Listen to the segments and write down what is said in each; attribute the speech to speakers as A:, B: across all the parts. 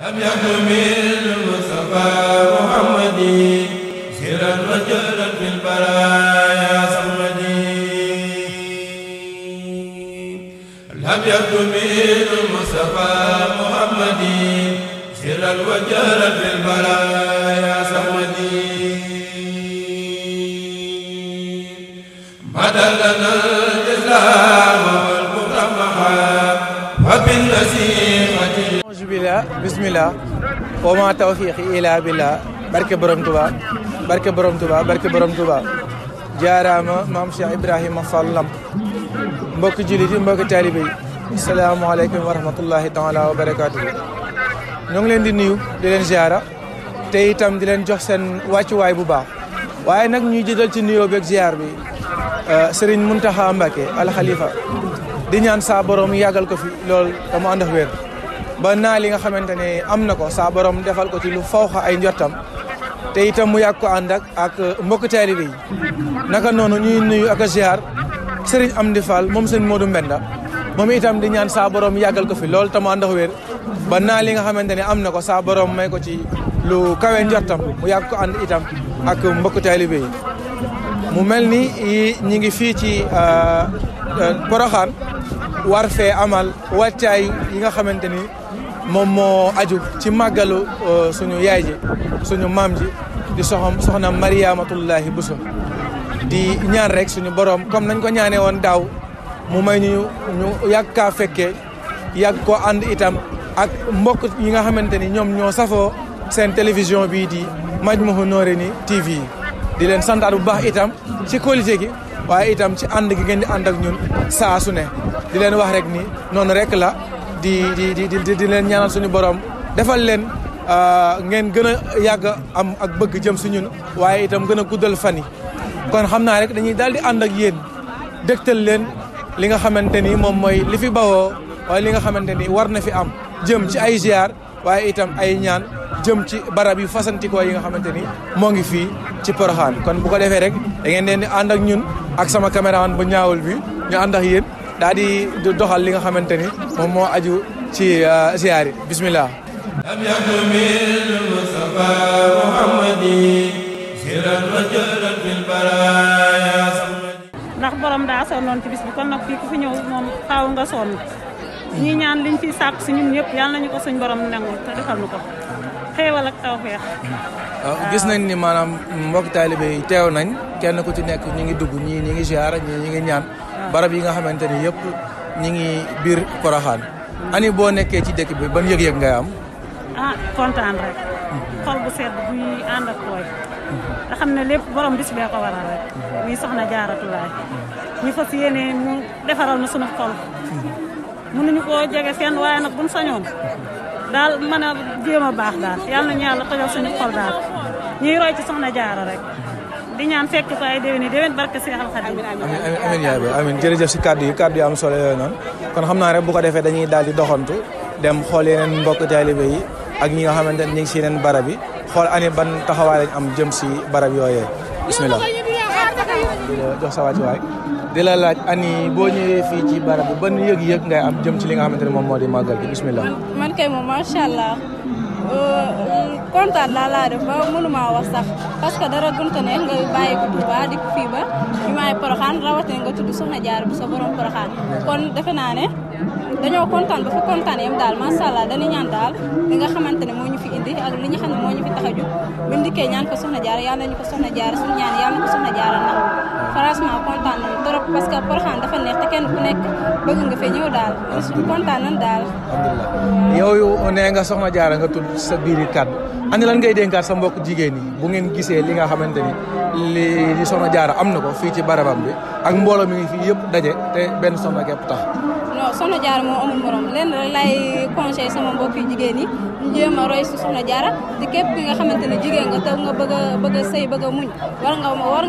A: لم يكن من المصطفى محمد سرا وجهلا في البرايا صمدي لم يكن من المصطفى محمد سرا وجهلا في البرايا bismillah wa ma tawfiqi ila billah barke borom tuba barke borom tuba barke borom tuba jaaraama maam Cheikh Ibrahima Fall Lamp mbokki jullit yi mbokki taalibe yi asalaamaaleykum wa wa barakaatu ñoo ngi leen di nuyu di leen ziara te itam di leen jox seen wàccuwaay bu baax waaye nag ñuy jëdal ci nuyoo beeg ziar bi euh, Serigne Mountakha Mbacké al Khalifa di ñaan saa borom yàggal ko fi lool dama ànd ak wér ba naa li nga xamante ne am na ko saa borom defal ko ci lu fawxa ay njottam te itam mu yàgg ko ak ak mbokk taalibe naka noonu ñuy nuyu ak a ziar Serigne Amdi Fall moom seen Modou Mbenda moom itam di ñaan saa borom yàggal ko fi lool te mu a ak wér ba li nga xamante ne am na ko saa may ko ci lu kawe njottam mu yàkk ko ànd itam ak mbokk taalibe mu mel ni ñi ngi fii ci euh, euh, Porokhane war fee amal wàccaay yi nga xamante ni moom moo aju ci màggalu euh, suñu yaay suñu maam ji di soxam soxna Mariyaamatullaahi Buso di ñaan rek suñu borom comme nañ ko ñaanee woon daaw mu may ñu ñu yàgg kaa fekkee yàgg koo ànd itam ak mbokk yi nga xamante ni ñoom ñoo safoo seen télévision bii di Majmahun Nurayni TV yi di leen santaat bu baax itam ci qualité gi waaye itam ci ànd gi ngeen di ànd ak ñun saa su ne di leen wax rek ni noonu rek la di di di di leen ñaanal suñu borom defal leen ah, ngeen gën a yàgg am ak bëgg jëm si ñun waaye itam gën a guddal fan yi kon xam naa rek dañuy daal di ànd ak yéen dégtal leen li nga xamante ni moom mooy li fi bawoo waaye li nga xamante ni war na fi am jëm ci ay ziar waaye itam ay ñaan jëm ci barab yu fasantikoo yi nga xamante ni moo ngi fii ci Porokhane kon bu ko defee rek da ngeen leen ni ànd ak ñun ak sama caméraman bu ñaawul bi ñu ànd ak yéen. daa di doxal li nga xamante ni moom moo aju ci euh, ziyaar yi bismillah mustafa muhammadi siran wa jëran bil
B: baraya ndax borom daa sonnoon ci bis kon nag fii ku fi ñëw moom xaaw nga sonn ñi ñaan liñ fi sàkk si ñun ñëpp yàlla nañu ko suñ borom nangul te defal nu ko xéewal ak tawfeex
A: euh, gis nañ ni maanaam mbokk taalibe yi teew nañ kenn ku ci nekk ñu ngi dugg ñi ñi ngi ziyaar ñii ñi ngi ñaan barab yi nga xamante ni yëpp ñi ngi biir Porokhane ani boo nekkee ci dëkk bi ban yëg-yëg ngay am
B: ah kontaan rek mhm. xol bu sedd bu ñuy ànd ak tooy xam ne lépp borom bis bee ko waral rek mhm. muy soxna jaaratulaay mhm. ñu fas yéene mu defaral na sunu xol mënuñu koo jege fenn waaye nag buñ sañoon daal mën a jéem a baax daal yàlla nañu yàlla tojal suñu xol daal ñuy roy ci soxna jaara rek di ñaan fekk ko ay déwén yi déwén barke Seexal Xadim amiin
A: amiin yaay ba amiin jërëjëf si kàddu yi kàddu yi am solo yooyu noonu kon xam naa rek bu ko defee dañuy daal di doxantu dem xool yeneen mbokk taalibe yi ak ñi nga xamante ne ñu ngi si yeneen barab yi xool ani ban taxawaay lañ am jëm si barab yooyee bismillah di la jox sa wàcc waay di la laaj ani boo ñëwee fii ci barab ban yëg-yëg ngay am jëm si li nga xamante ne moom moo di màggal bi bismillah
B: man kay moom macha allah Euh, euh, kontaan daal laa def ba mënumaa wax sax parce que dara gunta neex nga bàyyi ko Touba di ko fii ba ñu maay Porokhane rawatina nga tudd Soxna Jaar bu soo borom Porokhane kon defe naa ne dañoo kontaan ba fa kontaan yam daal macha allah ñaan daal li nga xamante ne moo ñu fi indi li ñu xam ne moo ñu fi tax a jóg bu ndikkee ñaan ko Soxna Jaar yàlla nañu ko Soxna Jaar suñu ñaan yàlla na ko Soxna Jaar a nangu franchement kontaan nañu trop parce que Porokhane dafa neex te kenn ku nekk bëgg nga fee ñëw daal. alhamdulilah kontaan nañ daal. alhamdulilah
A: yow nee nga soxna Diarra nga tudd sa biir kàddu ani lan ngay dénkaat sa mbokk jigéen yi bu ngeen gisee li nga xamante ni li li soxna Diarra am na ko fii ci barabam bi ak mbooloo mi ngi fii yëpp daje te benn soxna képp
B: tax. soxna jaara moo amul morom lenn lay conseil sama mbokki ñi ñu jéem a roy si soxna a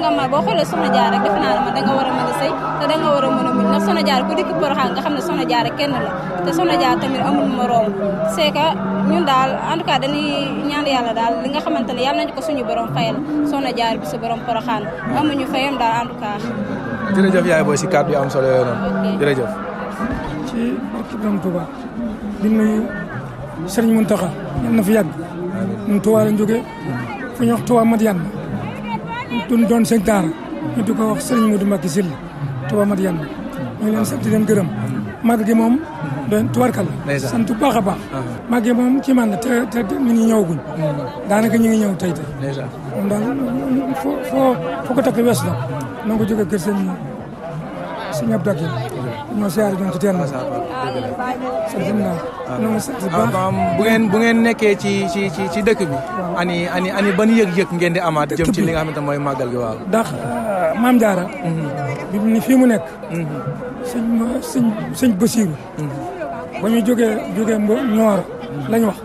B: a ma boo xoolee soxna jaara rek defe a mën a sëy te da nga war a mën ne soxna jaara kenn la te soxna jaara tamit amul morom c'est que ñun daal en tout ñaan yàlla daal li nga xamante ne yàlla nañu ko suñu borom fayal soxna jaara bi sa borom Porokhane amuñu fayam daal en tout
A: cas yaay booy si kàddu yi am solo yooyu
C: ci barki borom Touba di nuyu Serigne Mountakha yal na fi yàgg ñun wax Touba Madiane duñ doon sëñ daara ñu di ko wax ñu ngi leen sant di màgg gi moom doon tubarkal la sant baax a baax ah. màgg gi moom ci man te te nit ñi ñëwaguñ daanaka ñu ngi ñëw tey tey moom daal foo wees la noo ko jógee suñu ab dàggee ñoo siyaare ñoom ci teen bi sant naa ñoo ngi sant bu baax ah, ah, bu ngeen bu ngeen
A: nekkee ci ci ci ci dëkk bi ani ani ani ban yëg-yëg ngeen di amaa jëm ci li mooy màggal gi
C: waaw ndax ah, maam Diarra mhm. bi ni fii mu nekk mhm. sëñ sëñ sëñ Basiiru mhm. ba ñu jógee jógee ñoor lañ wax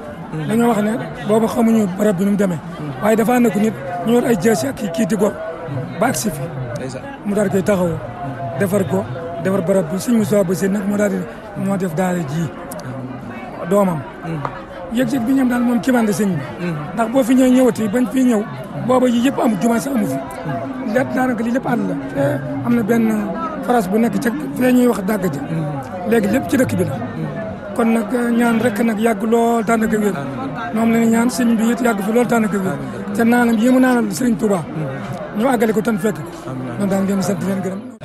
C: dañoo wax ne boobu xamuñu barab bi nu demee waaye dafa nekk nit ñu yor ay jeesi ak kii di gor ba si fi mu daal koy taxawoo defar ko defar barab bi suñ Moussa Bassir nag moo daal di moo def daale ji doomam. Mm-hmm. yëg-yëg bi ñoom daal moom kibaande sëñ mm-hmm. ndax boo fi ñëw ñëwati bañ fi ñëw. Mm-hmm. booba yi yëpp amul jumaa sax amu fi. lépp daanaka lii lépp àll la. am na benn phrase bu nekk ca fee ñuy wax dàgg ja. léegi lépp ci dëkk bi la. kon nag eh, ñaan rek nag yàgg lool daanaka wér. moom la ñu ñaan sëñ bi it yàgg fi lool daanaka wér. te naanam yi mu naanal Sëriñ Touba. ñu àggale ko tan fekk. amiin man daal ngeen sant leen gërëm.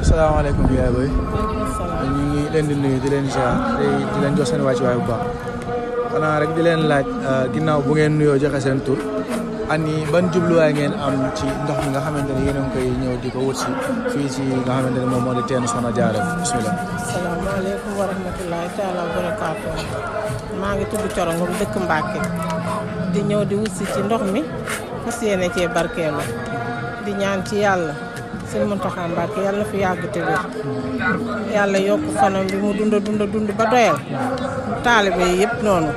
A: waaw salaamaaleykum yaay boy ñu ngi leen di nuyu di leen jox seen wàccuwaay bu baax xanaa rek di leen laaj euh, ginnaaw bu ngeen nuyoo joxe seen tur an ban jubluwaay ngeen am ci ndox mi nga xamante ne yéen a koy ñëw di ko wut fii ci nga xamante ne moom moo di teen Soxna Jaara bismillah
B: salaamaaleykum wa rahmatullahi taala barakaatu maa ngi tudd Coro dëkk Mbàkke di ñëw di wut ci ndox mi fas yéene cee barkeelu di ñaan ci yàlla sëñ Mountakha Mbacké yàlla fi yàgg te wér yàlla yokk fanam bi mu dund dund dund ba doyal taalibe yi yëpp noonu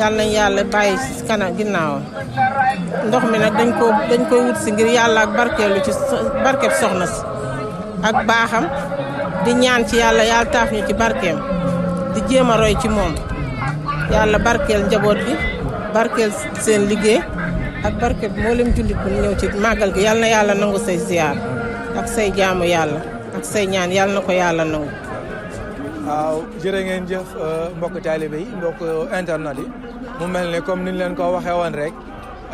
B: yàlla yàlla bàyyi ci kana ginnaawam ndox mi nag dañ ko dañ koy wut si ngir yàlla ak barkeelu ci barkeb soxna si ak baaxam di ñaan ci yàlla yàlla taaf ci barkeem di jéem a roy ci moom yàlla barkeel njaboot bi barkeel seen liggéey ak barke bi moo leen jullit bu ñëw ci màggal gi yal na yàlla nangu say ziar ak say jaamu yàlla ak say ñaan yal na ko yàlla na
A: waaw jërë ngeen jëf euh, mbokk taalibe yi mbokk internet yi mu mel ne comme niñ leen ko waxee woon rek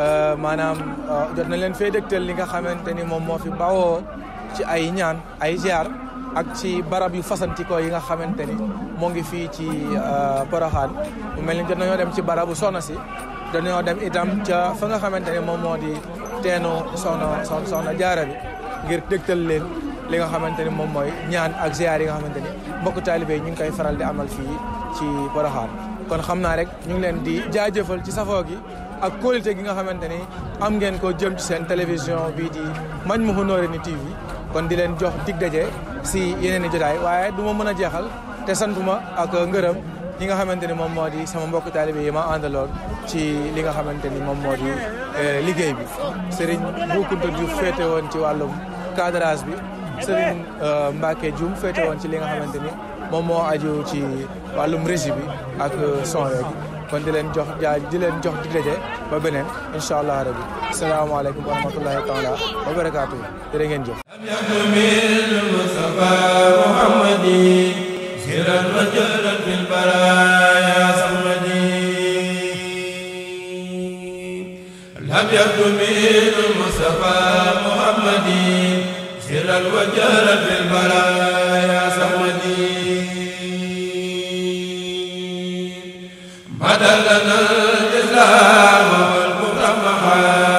A: euh, maanaam euh, jot nañ leen fee dëgtal li nga xamante ni moom moo fi bawoo ci ay ñaan ay ziar ak ci barab yu fasantikoo yi nga xamante ni moo ngi fii ci Porokhane mu mel ni jot nañoo dem ci barabu soxna si. dañoo dem itam ca fa nga xamante ne moom moo di teenu soxna soxna jaara bi ngir dégtal leen li nga xamante ne moom mooy ñaan ak ziar yi nga xamante ni mbokk taalibe yi ñu ngi koy faral di amal fii ci Porokhane kon xam naa rek ñu ngi leen di jaajëfal ci safoo gi ak kóolite gi nga xamante ni am ngeen ko jëm seen télévision bii di Majmahun Nurayni TV kon di leen jox dig daje si yeneen i jotaay waaye du ma mën a jeexal te santuma ak ngërëm li nga xamante ni moom moo di sama mbokk taalibe yi ma àndaloon ci li nga xamante ni moom moo di eh, liggéey bi sëriñ Boukounta Diouf féete woon ci wàllum cadrage bi sëriñ euh, Mbacke Dioum féete woon ci li nga xamante ni moom moo aju ci wàllum régie bi ak euh, son yeeg kon di leen jox jaa di jox di daje ba beneen incha allah rabbi salaamaaleykum wa rahmatullahi taala wa barakaatu jërë ngeen jëf سرا وجهرا في البرايا صمدي لم يبد من المصطفى محمدي سرا وجهرا في البرايا صمدي مدى لنا الاسلام والمكرم